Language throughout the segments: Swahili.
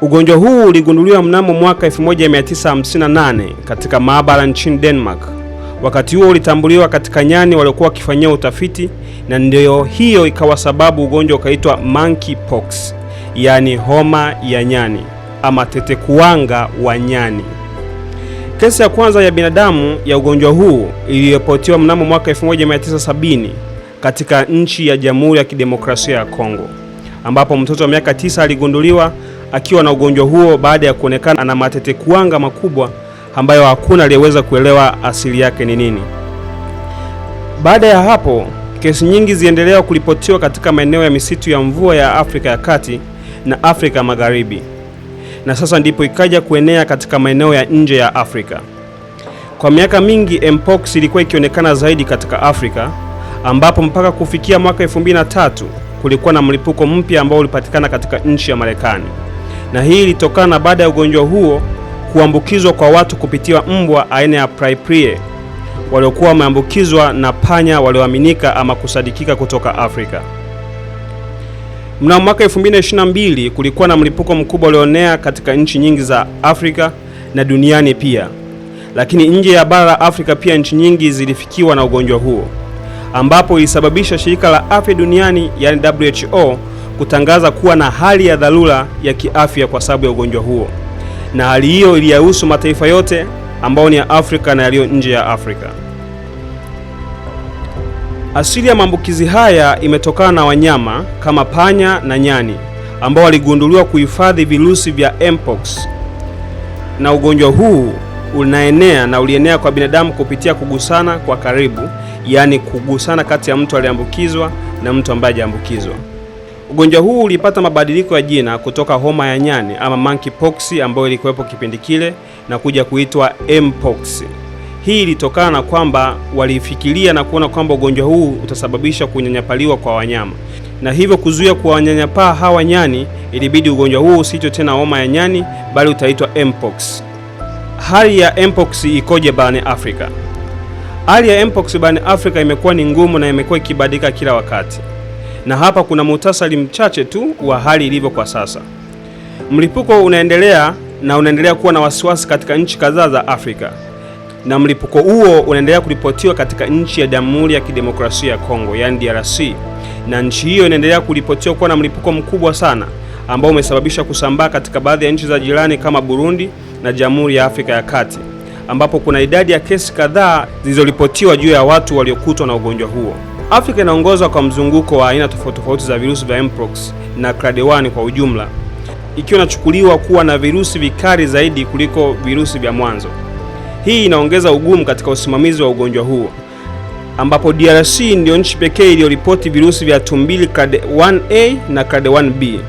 Ugonjwa huu uligunduliwa mnamo mwaka 1958 katika maabara nchini Denmark. Wakati huo ulitambuliwa katika nyani waliokuwa wakifanyia utafiti, na ndiyo hiyo ikawa sababu ugonjwa ukaitwa monkeypox, yaani homa ya nyani ama tetekuwanga wa nyani. Kesi ya kwanza ya binadamu ya ugonjwa huu iliripotiwa mnamo mwaka 1970 katika nchi ya Jamhuri ya Kidemokrasia ya Kongo ambapo mtoto wa miaka tisa aligunduliwa akiwa na ugonjwa huo baada ya kuonekana ana matetekuanga makubwa ambayo hakuna aliyeweza kuelewa asili yake ni nini. Baada ya hapo, kesi nyingi ziendelea kuripotiwa katika maeneo ya misitu ya mvua ya Afrika ya Kati na Afrika Magharibi, na sasa ndipo ikaja kuenea katika maeneo ya nje ya Afrika. Kwa miaka mingi mpox ilikuwa ikionekana zaidi katika Afrika, ambapo mpaka kufikia mwaka 2003 kulikuwa na mlipuko mpya ambao ulipatikana katika nchi ya Marekani na hii ilitokana baada ya ugonjwa huo kuambukizwa kwa watu kupitia mbwa aina ya praiprie waliokuwa wameambukizwa na panya walioaminika ama kusadikika kutoka Afrika. Mnamo mwaka 2022 kulikuwa na mlipuko mkubwa ulioenea katika nchi nyingi za Afrika na duniani pia, lakini nje ya bara la Afrika pia nchi nyingi zilifikiwa na ugonjwa huo, ambapo ilisababisha shirika la afya duniani, yani WHO kutangaza kuwa na hali ya dharura ya kiafya kwa sababu ya ugonjwa huo, na hali hiyo iliyahusu mataifa yote ambayo ni ya Afrika na yaliyo nje ya Afrika. Asili ya maambukizi haya imetokana na wanyama kama panya na nyani ambao waligunduliwa kuhifadhi virusi vya mpox, na ugonjwa huu unaenea na ulienea kwa binadamu kupitia kugusana kwa karibu, yaani kugusana kati ya mtu aliyeambukizwa na mtu ambaye hajaambukizwa. Ugonjwa huu ulipata mabadiliko ya jina kutoka homa ya nyani ama monkeypox ambayo ilikuwepo kipindi kile na kuja kuitwa mpox. Hii ilitokana na kwamba walifikiria na kuona kwamba ugonjwa huu utasababisha kunyanyapaliwa kwa wanyama, na hivyo kuzuia kuwanyanyapaa hawa nyani, ilibidi ugonjwa huu usiitwe tena homa ya nyani, bali utaitwa mpox. Hali ya mpox ikoje barani Afrika? Hali ya mpox barani Afrika imekuwa ni ngumu na imekuwa ikibadilika kila wakati na hapa kuna muhtasari mchache tu wa hali ilivyo kwa sasa. Mlipuko unaendelea na unaendelea kuwa na wasiwasi katika nchi kadhaa za Afrika na mlipuko huo unaendelea kuripotiwa katika nchi ya Jamhuri ya Kidemokrasia ya Kongo, yani DRC, na nchi hiyo inaendelea kuripotiwa kuwa na mlipuko mkubwa sana ambao umesababisha kusambaa katika baadhi ya nchi za jirani kama Burundi na Jamhuri ya Afrika ya Kati ambapo kuna idadi ya kesi kadhaa zilizoripotiwa juu ya watu waliokutwa na ugonjwa huo. Afrika inaongozwa kwa mzunguko wa aina tofauti tofauti za virusi vya mpox na clade 1 kwa ujumla, ikiwa inachukuliwa kuwa na virusi vikali zaidi kuliko virusi vya mwanzo. Hii inaongeza ugumu katika usimamizi wa ugonjwa huo, ambapo DRC ndiyo nchi pekee iliyoripoti virusi vya tumbili clade 1 a na clade 1 b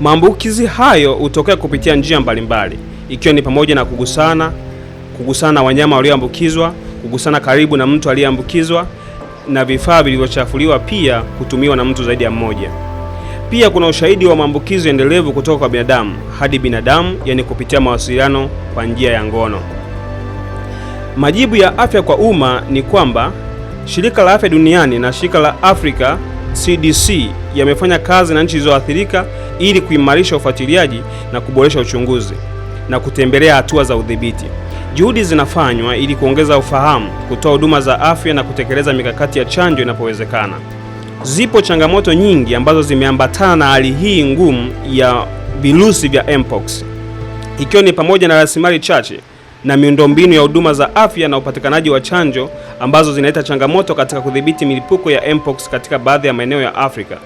Maambukizi hayo hutokea kupitia njia mbalimbali, ikiwa ni pamoja na kugusana, kugusana na wanyama walioambukizwa, kugusana karibu na mtu aliyeambukizwa na vifaa vilivyochafuliwa pia hutumiwa na mtu zaidi ya mmoja. Pia kuna ushahidi wa maambukizo endelevu kutoka kwa binadamu hadi binadamu, yani kupitia mawasiliano kwa njia ya ngono. Majibu ya afya kwa umma ni kwamba Shirika la Afya Duniani na Shirika la Afrika CDC yamefanya kazi na nchi zilizoathirika ili kuimarisha ufuatiliaji na kuboresha uchunguzi na kutembelea hatua za udhibiti. Juhudi zinafanywa ili kuongeza ufahamu, kutoa huduma za afya na kutekeleza mikakati ya chanjo inapowezekana. Zipo changamoto nyingi ambazo zimeambatana na hali hii ngumu ya virusi vya mpox, ikiwa ni pamoja na rasilimali chache na miundombinu ya huduma za afya na upatikanaji wa chanjo ambazo zinaleta changamoto katika kudhibiti milipuko ya mpox katika baadhi ya maeneo ya Afrika.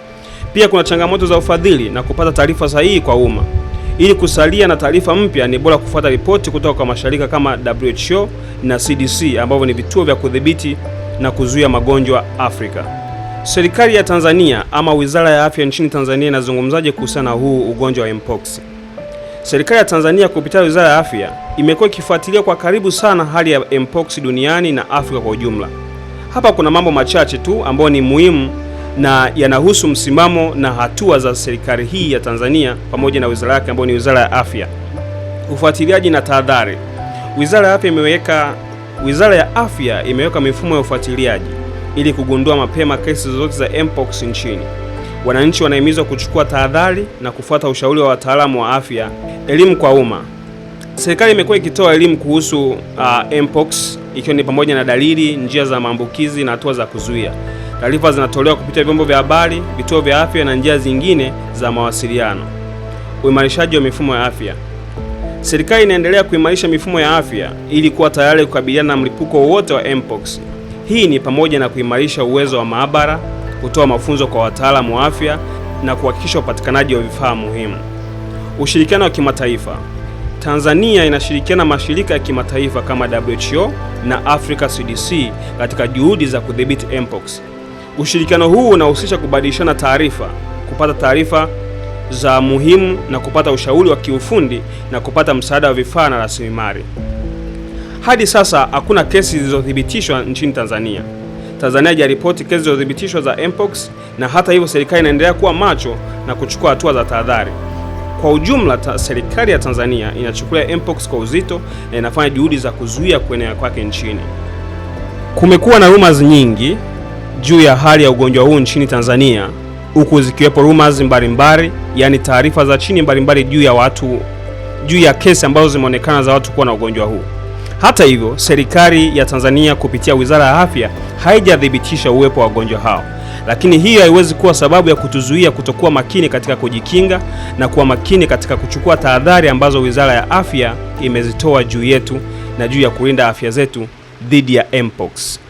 Pia kuna changamoto za ufadhili na kupata taarifa sahihi kwa umma. Ili kusalia na taarifa mpya, ni bora kufuata ripoti kutoka kwa mashirika kama WHO na CDC ambavyo ni vituo vya kudhibiti na kuzuia magonjwa Afrika. Serikali ya Tanzania ama Wizara ya Afya nchini Tanzania inazungumzaje kuhusiana na huu ugonjwa wa mpox? Serikali ya Tanzania kupitia Wizara ya Afya imekuwa ikifuatilia kwa karibu sana hali ya mpox duniani na Afrika kwa ujumla. Hapa kuna mambo machache tu ambayo ni muhimu na yanahusu msimamo na hatua za serikali hii ya Tanzania pamoja na wizara yake ambayo ni Wizara ya Afya. Ufuatiliaji na tahadhari. Wizara ya Afya imeweka Wizara ya Afya imeweka mifumo ya ufuatiliaji ili kugundua mapema kesi zozote za mpox nchini. Wananchi wanahimizwa kuchukua tahadhari na kufuata ushauri wa wataalamu wa afya. Elimu kwa umma. Serikali imekuwa ikitoa elimu kuhusu uh, mpox ikiwa ni pamoja na dalili, njia za maambukizi na hatua za kuzuia. Taarifa zinatolewa kupitia vyombo vya habari, vituo vya afya na njia zingine za mawasiliano. Uimarishaji wa mifumo ya afya. Serikali inaendelea kuimarisha mifumo ya afya ili kuwa tayari kukabiliana na mlipuko wowote wa mpox. Hii ni pamoja na kuimarisha uwezo wa maabara, kutoa mafunzo kwa wataalamu wa afya na kuhakikisha upatikanaji wa vifaa muhimu. Ushirikiano wa kimataifa. Tanzania inashirikiana mashirika ya kimataifa kama WHO na Africa CDC katika juhudi za kudhibiti mpox. Ushirikiano huu unahusisha kubadilishana taarifa, kupata taarifa za muhimu na kupata ushauri wa kiufundi na kupata msaada wa vifaa na rasilimali. Hadi sasa hakuna kesi zilizothibitishwa nchini Tanzania. Tanzania haijaripoti kesi zilizothibitishwa za mpox, na hata hivyo serikali inaendelea kuwa macho na kuchukua hatua za tahadhari. Kwa ujumla ta, serikali ya Tanzania inachukulia mpox kwa uzito na inafanya juhudi za kuzuia kuenea kwake nchini. Kumekuwa na rumors nyingi juu ya hali ya ugonjwa huu nchini Tanzania, huku zikiwepo rumors mbalimbali, yaani taarifa za chini mbalimbali juu ya watu juu ya kesi ambazo zimeonekana za watu kuwa na ugonjwa huu. Hata hivyo, serikali ya Tanzania kupitia Wizara ya Afya haijathibitisha uwepo wa wagonjwa hao, lakini hii haiwezi kuwa sababu ya kutuzuia kutokuwa makini katika kujikinga na kuwa makini katika kuchukua tahadhari ambazo Wizara ya Afya imezitoa juu yetu na juu ya kulinda afya zetu dhidi ya mpox.